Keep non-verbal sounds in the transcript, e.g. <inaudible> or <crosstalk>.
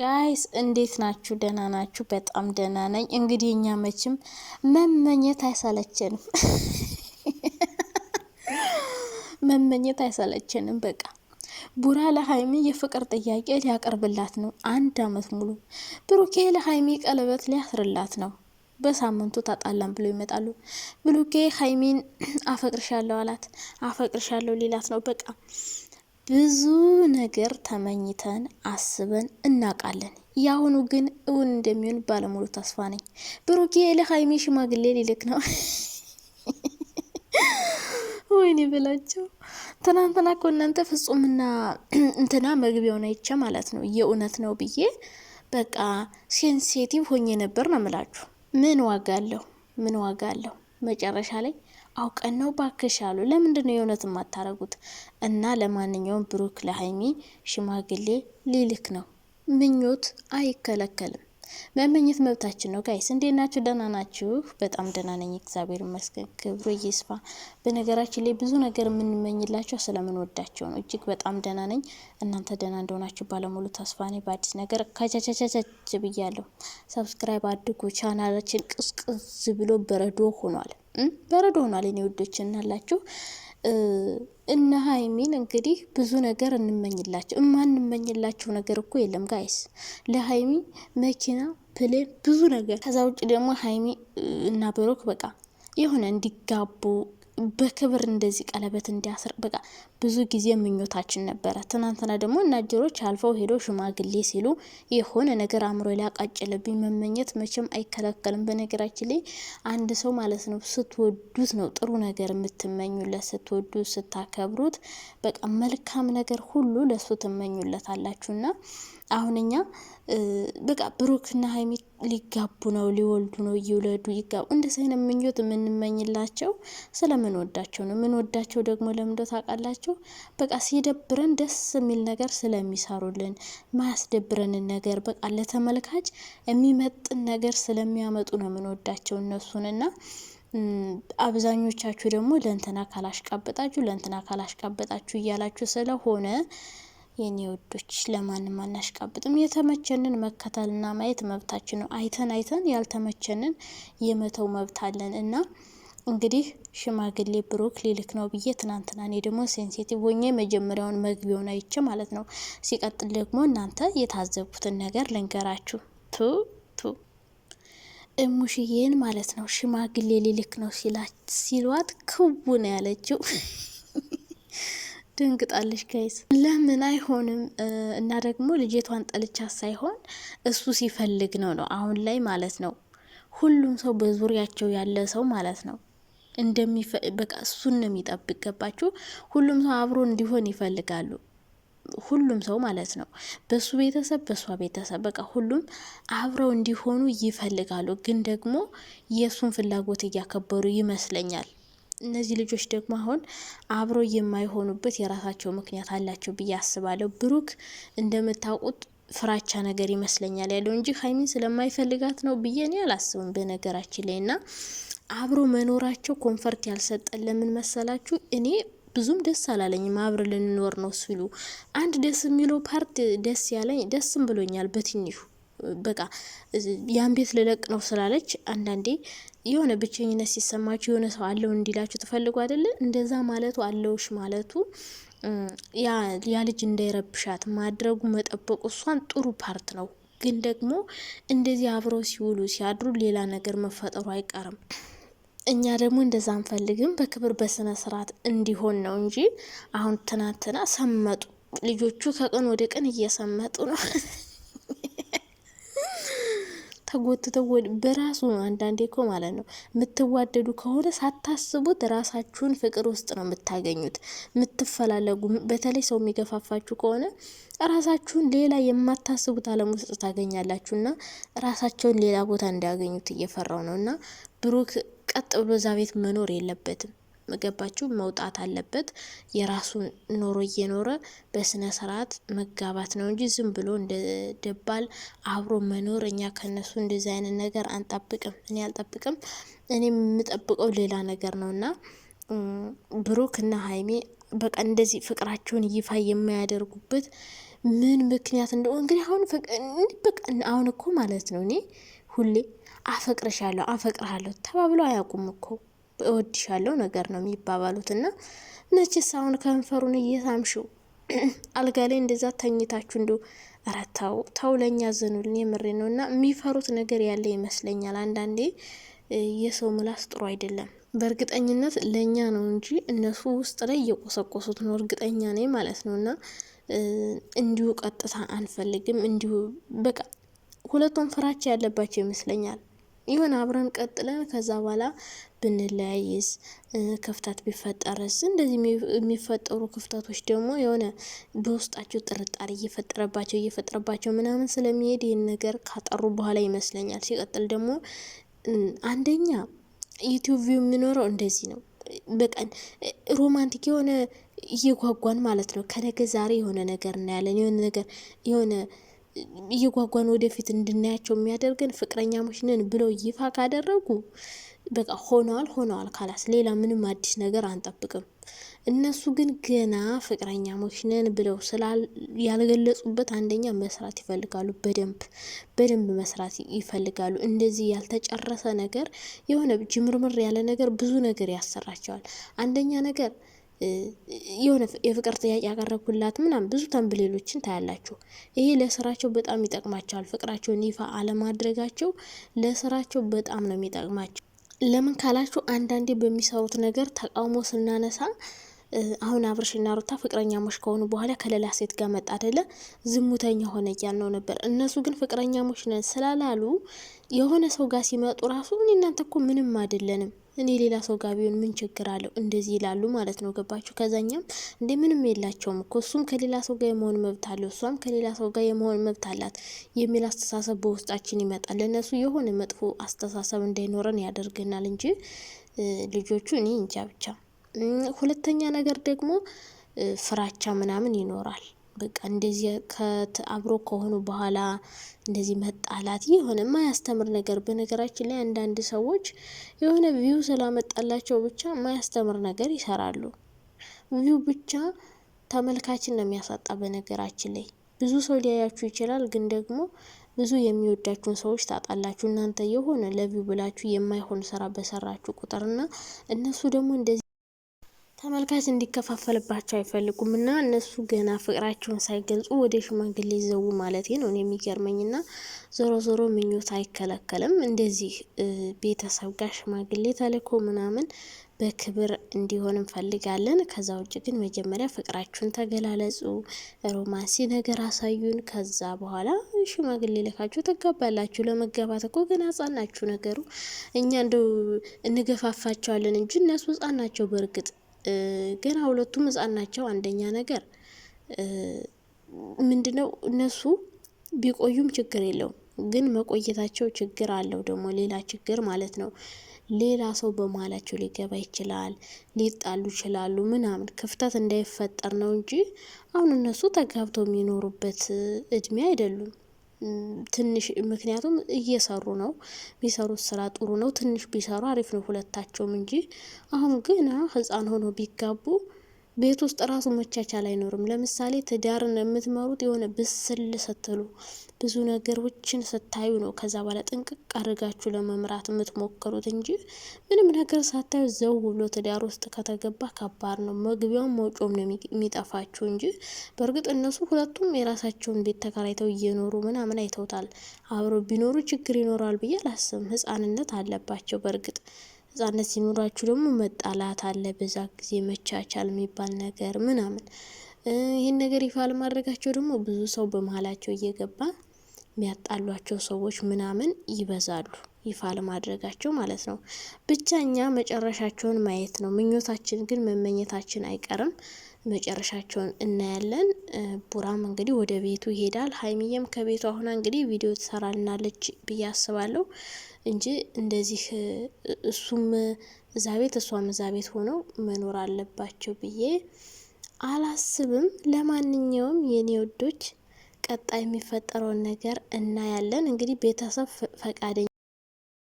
ጋይስ እንዴት ናችሁ? ደህና ናችሁ? በጣም ደህና ነኝ። እንግዲህ እኛ መቼም መመኘት አይሰለችንም፣ <laughs> መመኘት አይሰለችንም። በቃ ቡራ ለሀይሚ የፍቅር ጥያቄ ሊያቀርብላት ነው አንድ አመት ሙሉ። ብሩኬ ለሀይሚ ቀለበት ሊያስርላት ነው። በሳምንቱ ታጣላን ብሎ ይመጣሉ። ብሩኬ ሀይሚን <clears throat> አፈቅርሻለሁ አላት። አፈቅርሻለሁ ሌላት ነው በቃ ብዙ ነገር ተመኝተን አስበን እናውቃለን። የአሁኑ ግን እውን እንደሚሆን ባለሙሉ ተስፋ ነኝ። ብሩኬ ለሀይሜ ሽማግሌ ሊልክ ነው። <laughs> ወይኔ ብላቸው ትናንትና እኮ እናንተ ፍጹምና <clears throat> እንትና መግቢያውን አይቼ ማለት ነው የእውነት ነው ብዬ በቃ ሴንሴቲቭ ሆኜ ነበር ነው ምላችሁ። ምን ዋጋ አለው? ምን ዋጋ አለው? መጨረሻ ላይ አውቀን ነው ባክሽ አሉ። ለምንድን ነው የእውነት የማታረጉት? እና ለማንኛውም ብሩክ ለሀይሚ ሽማግሌ ሊልክ ነው። ምኞት አይከለከልም። መመኘት መብታችን ነው። ጋይስ እንዴት ናችሁ? ደህና ናችሁ? በጣም ደህና ነኝ፣ እግዚአብሔር ይመስገን፣ ክብሩ ይስፋ። በነገራችን ላይ ብዙ ነገር የምንመኝላቸው ስለምንወዳቸው ነው። እጅግ በጣም ደህና ነኝ። እናንተ ደህና እንደሆናችሁ ባለሙሉ ተስፋ ነኝ። በአዲስ ነገር ከቻቻቻቻች ብያለሁ። ሰብስክራይብ አድጉ። ቻናላችን ቅዝቅዝ ብሎ በረዶ ሆኗል። በረዶ ሆኗል። የኔ ውዶች እናላችሁ እነ ሀይሚን እንግዲህ ብዙ ነገር እንመኝላቸው። እንመኝላቸው ነገር እኮ የለም ጋይስ። ለሀይሚ መኪና፣ ፕሌን፣ ብዙ ነገር። ከዛ ውጭ ደግሞ ሀይሚ እና ብሩክ በቃ የሆነ እንዲጋቡ በክብር እንደዚህ ቀለበት እንዲያስርቅ በቃ ብዙ ጊዜ ምኞታችን ነበረ። ትናንትና ደግሞ እናጀሮች አልፈው ሄዶ ሽማግሌ ሲሉ የሆነ ነገር አእምሮ ሊያቃጭልብኝ መመኘት መቼም አይከለከልም። በነገራችን ላይ አንድ ሰው ማለት ነው ስትወዱት ነው ጥሩ ነገር የምትመኙለት፣ ስትወዱት ስታከብሩት፣ በቃ መልካም ነገር ሁሉ ለሱ ትመኙለት አላችሁና አሁንኛ በቃ ብሩክና ሀይሚ ሊጋቡ ነው፣ ሊወልዱ ነው፣ እይውለዱ ይጋቡ። እንደዚህ አይነት ምኞት የምንመኝላቸው ስለምንወዳቸው ነው። የምንወዳቸው ደግሞ ለምዶ ታውቃላችሁ፣ በቃ ሲደብረን ደስ የሚል ነገር ስለሚሰሩልን ማያስደብረንን ነገር በቃ ለተመልካች የሚመጥን ነገር ስለሚያመጡ ነው የምንወዳቸው እነሱንና አብዛኞቻችሁ ደግሞ ለእንትና ካላሽቃበጣችሁ ለእንትና ካላሽቃበጣችሁ እያላችሁ ስለሆነ የኔ ወዶች ለማንም አናሽቃብጥም። የተመቸንን መከተልና ማየት መብታችን ነው። አይተን አይተን ያልተመቸንን የመተው መብት አለን እና እንግዲህ ሽማግሌ ብሩክ ሊልክ ነው ብዬ ትናንትና እኔ ደግሞ ሴንሲቲቭ ሆኜ መጀመሪያውን መግቢያውን አይቼ ማለት ነው። ሲቀጥል ደግሞ እናንተ የታዘብኩትን ነገር ልንገራችሁ። ቱ ቱ እሙሽዬን ማለት ነው ሽማግሌ ሊልክ ነው ሲሏት ክቡ ነው ያለችው። ድንግጣለች ጋይዝ። ለምን አይሆንም? እና ደግሞ ልጅቷን ጠልቻ ሳይሆን እሱ ሲፈልግ ነው ነው አሁን ላይ ማለት ነው። ሁሉም ሰው በዙሪያቸው ያለ ሰው ማለት ነው እንደሚበቃ እሱን ነው የሚጠብቅ። ገባችሁ? ሁሉም ሰው አብሮ እንዲሆን ይፈልጋሉ። ሁሉም ሰው ማለት ነው በሱ ቤተሰብ በሷ ቤተሰብ በቃ ሁሉም አብረው እንዲሆኑ ይፈልጋሉ። ግን ደግሞ የእሱን ፍላጎት እያከበሩ ይመስለኛል። እነዚህ ልጆች ደግሞ አሁን አብሮ የማይሆኑበት የራሳቸው ምክንያት አላቸው ብዬ አስባለሁ። ብሩክ እንደምታውቁት ፍራቻ ነገር ይመስለኛል ያለው እንጂ ሀይሚን ስለማይፈልጋት ነው ብዬ እኔ አላስብም። በነገራችን ላይ እና አብሮ መኖራቸው ኮንፈርት ያልሰጠን ለምን መሰላችሁ? እኔ ብዙም ደስ አላለኝም አብረ ልንኖር ነው ሲሉ። አንድ ደስ የሚለው ፓርት ደስ ያለኝ ደስም ብሎኛል በትንሹ በቃ ያን ቤት ልለቅ ነው ስላለች አንዳንዴ የሆነ ብቸኝነት ሲሰማችሁ የሆነ ሰው አለው እንዲላችሁ ትፈልጉ አይደለ? እንደዛ ማለቱ አለውሽ ማለቱ ያ ልጅ እንዳይረብሻት ማድረጉ መጠበቁ እሷን ጥሩ ፓርት ነው። ግን ደግሞ እንደዚህ አብረው ሲውሉ ሲያድሩ ሌላ ነገር መፈጠሩ አይቀርም። እኛ ደግሞ እንደዛ አንፈልግም። በክብር በስነ ስርዓት እንዲሆን ነው እንጂ አሁን ትናንትና ሰመጡ ልጆቹ ከቀን ወደ ቀን እየሰመጡ ነው። <laughs> ተጎትተው በራሱ አንዳንዴ እኮ ማለት ነው የምትዋደዱ ከሆነ ሳታስቡት ራሳችሁን ፍቅር ውስጥ ነው የምታገኙት። የምትፈላለጉ በተለይ ሰው የሚገፋፋችሁ ከሆነ ራሳችሁን ሌላ የማታስቡት ዓለም ውስጥ ታገኛላችሁ እና ራሳቸውን ሌላ ቦታ እንዲያገኙት እየፈራው ነው እና ብሩክ ቀጥ ብሎ እዛ ቤት መኖር የለበትም። ገባችሁ መውጣት አለበት። የራሱን ኖሮ እየኖረ በስነ ስርዓት መጋባት ነው እንጂ ዝም ብሎ እንደ ደባል አብሮ መኖር እኛ ከነሱ እንደዚህ አይነት ነገር አንጠብቅም። እኔ አልጠብቅም። እኔ የምጠብቀው ሌላ ነገር ነው እና ብሩክ እና ሀይሜ በቃ እንደዚህ ፍቅራቸውን ይፋ የማያደርጉበት ምን ምክንያት እንደሆነ እንግዲህ አሁን በቃ አሁን እኮ ማለት ነው እኔ ሁሌ አፈቅርሻለሁ አፈቅርሃለሁ ተባብሎ አያውቁም እኮ እወድሻለሁ ነገር ነው የሚባባሉት። እና ነችስ አሁን ከንፈሩን እየሳምሽው <clears throat> አልጋ ላይ እንደዛ ተኝታችሁ እንዲ ረታው ተው ተው፣ ለእኛ ዘኑልን። የምሬ ነው። እና የሚፈሩት ነገር ያለ ይመስለኛል። አንዳንዴ የሰው ምላስ ጥሩ አይደለም። በእርግጠኝነት ለእኛ ነው እንጂ እነሱ ውስጥ ላይ እየቆሰቆሱት ነው፣ እርግጠኛ ነኝ ማለት ነው። እና እንዲሁ ቀጥታ አንፈልግም። እንዲሁ በቃ ሁለቱም ፍራቻ ያለባቸው ይመስለኛል። ይሁን አብረን ቀጥለን ከዛ በኋላ ብንለያይስ ክፍተት ቢፈጠርስ? እንደዚህ የሚፈጠሩ ክፍተቶች ደግሞ የሆነ በውስጣቸው ጥርጣሬ እየፈጠረባቸው እየፈጠረባቸው ምናምን ስለሚሄድ ይህን ነገር ካጠሩ በኋላ ይመስለኛል። ሲቀጥል ደግሞ አንደኛ ዩቲዩብ የሚኖረው እንደዚህ ነው። በቀን ሮማንቲክ የሆነ እየጓጓን ማለት ነው። ከነገ ዛሬ የሆነ ነገር እናያለን የሆነ ነገር የሆነ እየጓጓን ወደፊት እንድናያቸው የሚያደርገን ፍቅረኛሞች ነን ብለው ይፋ ካደረጉ በቃ ሆነዋል ሆነዋል ካላስ ሌላ ምንም አዲስ ነገር አንጠብቅም። እነሱ ግን ገና ፍቅረኛሞች ነን ብለው ስላል ያልገለጹበት አንደኛ መስራት ይፈልጋሉ። በደንብ በደንብ መስራት ይፈልጋሉ። እንደዚህ ያልተጨረሰ ነገር የሆነ ጅምርምር ያለ ነገር ብዙ ነገር ያሰራቸዋል። አንደኛ ነገር የሆነ የፍቅር ጥያቄ ያቀረብኩላት ምናምን ብዙ ተንብሌሎችን ታያላችሁ። ይሄ ለስራቸው በጣም ይጠቅማቸዋል። ፍቅራቸውን ይፋ አለማድረጋቸው ለስራቸው በጣም ነው የሚጠቅማቸው። ለምን ካላችሁ አንዳንዴ በሚሰሩት ነገር ተቃውሞ ስናነሳ አሁን አብርሽና ሩታ ፍቅረኛሞች ከሆኑ በኋላ ከሌላ ሴት ጋር መጣ አደለ ዝሙተኛ ሆነ እያልነው ነበር። እነሱ ግን ፍቅረኛሞች ነን ስላላሉ የሆነ ሰው ጋር ሲመጡ ራሱ እኔ እናንተ እኮ ምንም አይደለንም እኔ ሌላ ሰው ጋር ቢሆን ምን ችግር አለው? እንደዚህ ይላሉ ማለት ነው። ገባችሁ? ከዛኛም እንደ ምንም የላቸውም እኮ እሱም ከሌላ ሰው ጋር የመሆን መብት አለው፣ እሷም ከሌላ ሰው ጋር የመሆን መብት አላት የሚል አስተሳሰብ በውስጣችን ይመጣል። ለእነሱ የሆነ መጥፎ አስተሳሰብ እንዳይኖረን ያደርገናል እንጂ ልጆቹ እኔ እንጃ ብቻ። ሁለተኛ ነገር ደግሞ ፍራቻ ምናምን ይኖራል። በቃ እንደዚህ አብሮ ከሆኑ በኋላ እንደዚህ መጣላት የሆነ ማያስተምር ነገር። በነገራችን ላይ አንዳንድ ሰዎች የሆነ ቪው ስላመጣላቸው ብቻ ማያስተምር ነገር ይሰራሉ። ቪው ብቻ ተመልካችን ነው የሚያሳጣ። በነገራችን ላይ ብዙ ሰው ሊያያችሁ ይችላል፣ ግን ደግሞ ብዙ የሚወዳችሁን ሰዎች ታጣላችሁ። እናንተ የሆነ ለቪው ብላችሁ የማይሆን ስራ በሰራችሁ ቁጥርና እነሱ ደግሞ እንደዚህ ተመልካች እንዲከፋፈልባቸው አይፈልጉም እና እነሱ ገና ፍቅራቸውን ሳይገልጹ ወደ ሽማግሌ ዘው ማለት ነው የሚገርመኝና ዞሮ ዞሮ ምኞት አይከለከልም። እንደዚህ ቤተሰብ ጋር ሽማግሌ ተልኮ ምናምን በክብር እንዲሆን እንፈልጋለን። ከዛ ውጭ ግን መጀመሪያ ፍቅራችሁን ተገላለጹ፣ ሮማንሲ ነገር አሳዩን። ከዛ በኋላ ሽማግሌ ልካችሁ ተጋባላችሁ ለመጋባት እኮ ገና ሕጻን ናችሁ። ነገሩ እኛ እንደው እንገፋፋቸዋለን እንጂ እነሱ ህጻን ናቸው በእርግጥ ገና ሁለቱም ህጻን ናቸው። አንደኛ ነገር ምንድነው እነሱ ቢቆዩም ችግር የለውም፣ ግን መቆየታቸው ችግር አለው ደግሞ ሌላ ችግር ማለት ነው። ሌላ ሰው በመሀላቸው ሊገባ ይችላል፣ ሊጣሉ ይችላሉ ምናምን ክፍተት እንዳይፈጠር ነው እንጂ አሁን እነሱ ተጋብተው የሚኖሩበት እድሜ አይደሉም። ትንሽ ምክንያቱም እየሰሩ ነው። ሚሰሩት ስራ ጥሩ ነው። ትንሽ ቢሰሩ አሪፍ ነው ሁለታቸውም እንጂ አሁን ግን ህፃን ሆኖ ቢጋቡ ቤት ውስጥ ራሱ መቻቻል አይኖርም። ለምሳሌ ትዳርን የምትመሩት የሆነ ብስል ስትሉ ብዙ ነገሮችን ስታዩ ነው ከዛ በኋላ ጥንቅቅ አድርጋችሁ ለመምራት የምትሞክሩት እንጂ ምንም ነገር ሳታዩ ዘው ብሎ ትዳር ውስጥ ከተገባ ከባድ ነው። መግቢያውም መውጮም ነው የሚጠፋችሁ እንጂ በእርግጥ እነሱ ሁለቱም የራሳቸውን ቤት ተከራይተው እየኖሩ ምናምን አይተውታል። አብረው ቢኖሩ ችግር ይኖራል ብዬ አላስብም። ህጻንነት አለባቸው በእርግጥ ህጻነት ሲኖራችሁ ደግሞ መጣላት አለ። በዛ ጊዜ መቻቻል የሚባል ነገር ምናምን ይህን ነገር ይፋ ለማድረጋቸው ደግሞ ብዙ ሰው በመሀላቸው እየገባ የሚያጣሏቸው ሰዎች ምናምን ይበዛሉ። ይፋ ለማድረጋቸው ማለት ነው። ብቻ እኛ መጨረሻቸውን ማየት ነው ምኞታችን፣ ግን መመኘታችን አይቀርም። መጨረሻቸውን እናያለን። ቡራም እንግዲህ ወደ ቤቱ ይሄዳል። ሀይሚየም ከቤቱ አሁና እንግዲህ ቪዲዮ ትሰራልናለች ብዬ አስባለሁ እንጂ እንደዚህ እሱም እዛ ቤት እሷም እዛ ቤት ሆነው መኖር አለባቸው ብዬ አላስብም። ለማንኛውም የኔ ወዶች ቀጣይ የሚፈጠረውን ነገር እናያለን። እንግዲህ ቤተሰብ ፈቃደኛ